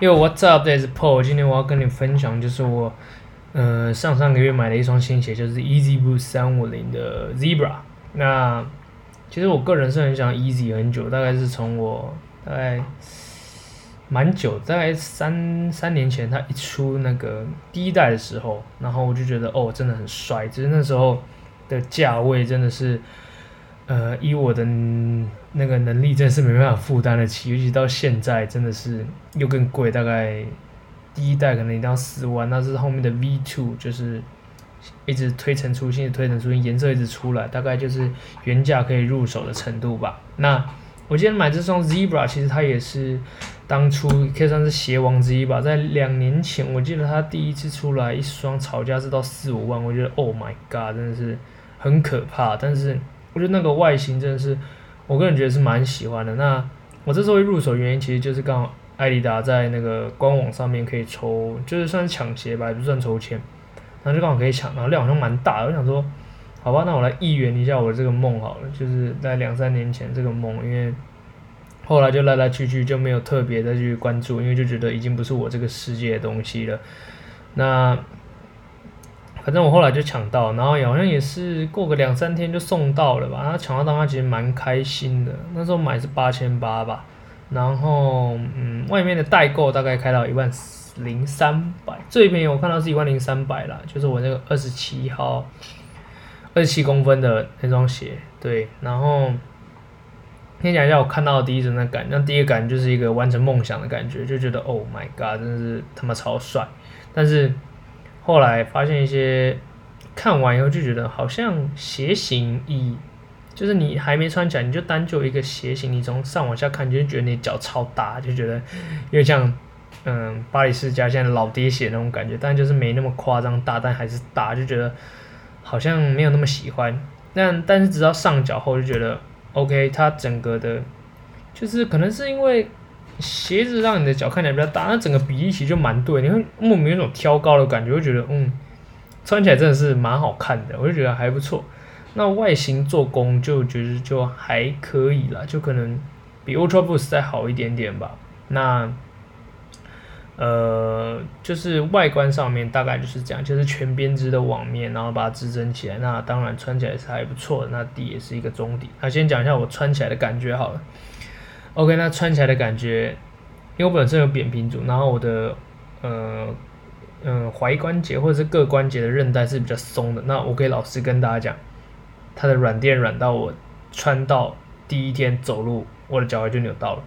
因為 what's up? This s Paul. 今天我要跟你分享，就是我，嗯、呃、上上個月買了一雙新鞋，就是 Easy Boost 三五零的 Zebra。那其實我個人是很想 Easy 很久，大概是從我大概蠻久，大概三三年前它一出那個第一代的時候，然後我就覺得哦，真的很帥，只、就是那時候的價位真的是。呃，以我的那個能力，真的是沒辦法負擔得起，尤其到現在，真的是又更貴。大概第一代可能已經到四萬，那是後面的 V2，就是一直推陳出新，推陳出新，顏色一直出來，大概就是原價可以入手的程度吧。那我今天買這雙 Zebra，其實它也是當初可以算是鞋王之一吧。在兩年前，我記得它第一次出來一雙，炒價是到四五萬，我覺得 Oh my God，真的是很可怕，但是。我覺得那個外形真的是，我個人覺得是蠻喜歡的。那我這次會入手的原因，其實就是剛好愛迪達在那個官網上面可以抽，就是算是搶鞋吧，也不算抽籤，然後就剛好可以搶，然後量好像蠻大的。我想說，好吧，那我來一圓一下我的這個夢好了，就是在兩三年前這個夢，因為後來就來來去去就沒有特別再去關注，因為就覺得已經不是我這個世界的東西了。那。反正我後來就搶到，然後也好像也是過個兩三天就送到了吧。然後搶到當時，其實蠻開心的。那時候買是八千八吧，然後嗯，外面的代購大概開到一萬零三百。最便宜我看到是一萬零三百啦，就是我那個二十七號，二十七公分的那雙鞋。對，然後先講一下我看到的第一種感覺，那第一個感覺就是一個完成夢想的感覺，就覺得 Oh my God，真的是他媽超帥，但是。後來發現一些，看完以後就覺得好像鞋型以，就是你還沒穿起來，你就單就一個鞋型，你從上往下看，你就覺得你腳超大，就覺得又像，嗯，巴黎世家現在老爹鞋那種感覺，但就是沒那麼誇張大，但還是大，就覺得好像沒有那麼喜歡。但但是直到上腳後，就覺得 OK，它整個的，就是可能是因為。鞋子讓你的腳看起來比較大，那整個比例其實就蠻對，你會莫名有種挑高的感覺，會覺得嗯，穿起來真的是蠻好看的，我就覺得還不錯。那外形做工就覺得就還可以了，就可能比 Ultra Boost 再好一點點吧。那呃，就是外觀上面大概就是這樣，就是全編織的網面，然後把它支撐起來。那當然穿起來是還不錯，那底也是一個中底。那先講一下我穿起來的感覺好了。OK，那穿起來的感覺，因為我本身有扁平足，然後我的，呃，嗯、呃，踝關節或者是各關節的韌帶是比較鬆的。那我可以老實跟大家講，它的軟墊軟到我穿到第一天走路，我的腳踝就扭到了，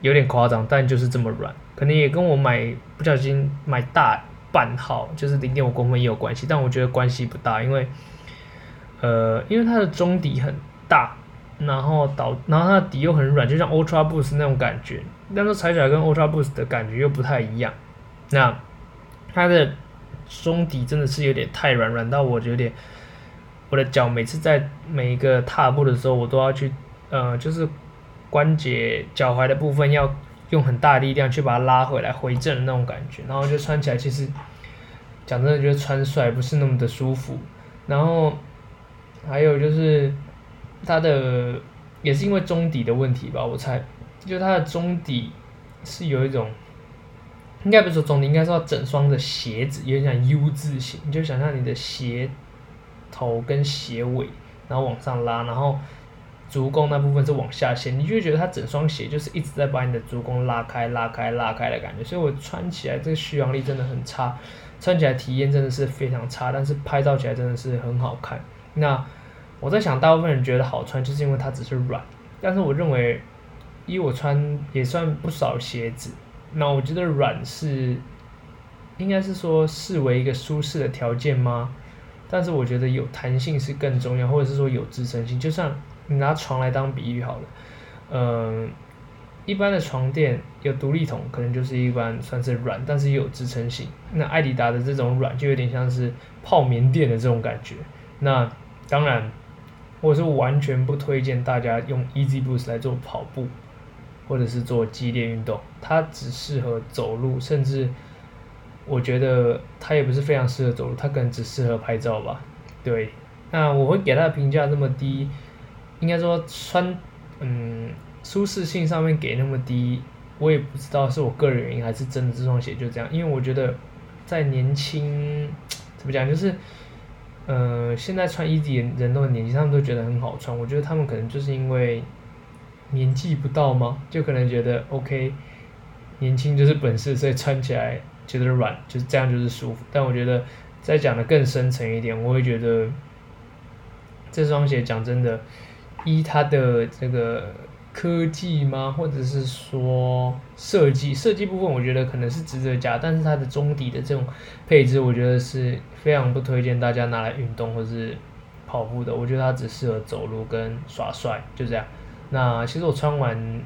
有點誇張，但就是這麼軟。可能也跟我買不小心買大半號，就是零點五公分也有關係，但我覺得關係不大，因為，呃，因為它的中底很。然後導，然後它的底又很軟，就像 Ultra Boost 那種感覺，但是踩起來跟 Ultra Boost 的感覺又不太一樣。那它的中底真的是有點太軟，軟到我有點，我的腳每次在每一個踏步的時候，我都要去，呃，就是關節腳踝的部分要用很大力量去把它拉回來回正的那種感覺。然後就穿起來，其實講真的，就是穿出來不是那麼的舒服。然後還有就是。它的也是因為中底的問題吧，我猜，就是它的中底是有一種，應該不是說中底，應該說它整雙的鞋子有點像 U 字形，你就想象你的鞋頭跟鞋尾，然後往上拉，然後足弓那部分是往下陷，你就覺得它整雙鞋就是一直在把你的足弓拉開、拉開、拉開的感覺，所以我穿起來這個續航力真的很差，穿起來體驗真的是非常差，但是拍照起來真的是很好看。那。我在想，大部分人覺得好穿，就是因為它只是軟。但是我認為，以我穿也算不少鞋子，那我覺得軟是，應該是說視為一個舒適的條件嗎？但是我覺得有彈性是更重要，或者是說有支撐性。就像你拿床來當比喻好了，嗯，一般的床墊有獨立筒可能就是一般算是軟，但是有支撐性。那愛迪達的這種軟，就有點像是泡棉墊的這種感覺。那當然。我是完全不推薦大家用 Yeezy Boost 來做跑步，或者是做激烈運動，它只適合走路，甚至我覺得它也不是非常適合走路，它可能只適合拍照吧。對，那我會給它的評價那麼低，應該說穿，嗯，舒適性上面給那麼低，我也不知道是我個人原因還是真的這雙鞋就這樣，因為我覺得在年輕，怎麼講就是。嗯、呃，現在穿一點，人都年輕，他們都覺得很好穿。我覺得他們可能就是因為年紀不到嗎？就可能覺得 OK，年輕就是本事，所以穿起來覺得軟，就是這樣就是舒服。但我覺得再講得更深層一點，我會覺得這雙鞋講真的，一它的這個。科技嗎？或者是說設計設計部分，我覺得可能是值得加，但是它的中底的這種配置，我覺得是非常不推薦大家拿來運動或是跑步的。我覺得它只適合走路跟耍帥，就這樣。那其實我穿完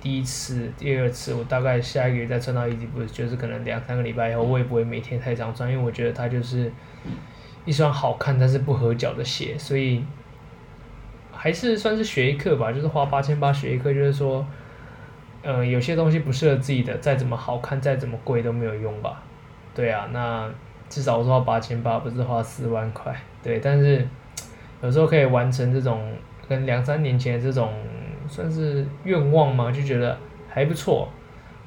第一次、第二次，我大概下一個月再穿到 Yeezy Boost，就是可能兩三個禮拜以後，我也不會每天太常穿，因為我覺得它就是一雙好看但是不合腳的鞋，所以。還是算是學一課吧，就是花八千八學一課，就是說，嗯、呃，有些東西不適合自己的，再怎麼好看，再怎麼貴都沒有用吧。對啊，那至少我是花八千八，不是花四萬塊。對，但是有時候可以完成這種跟兩三年前這種算是願望嘛，就覺得還不錯。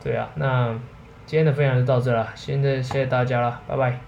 對啊，那今天的分享就到這了，現在謝謝大家了，拜拜。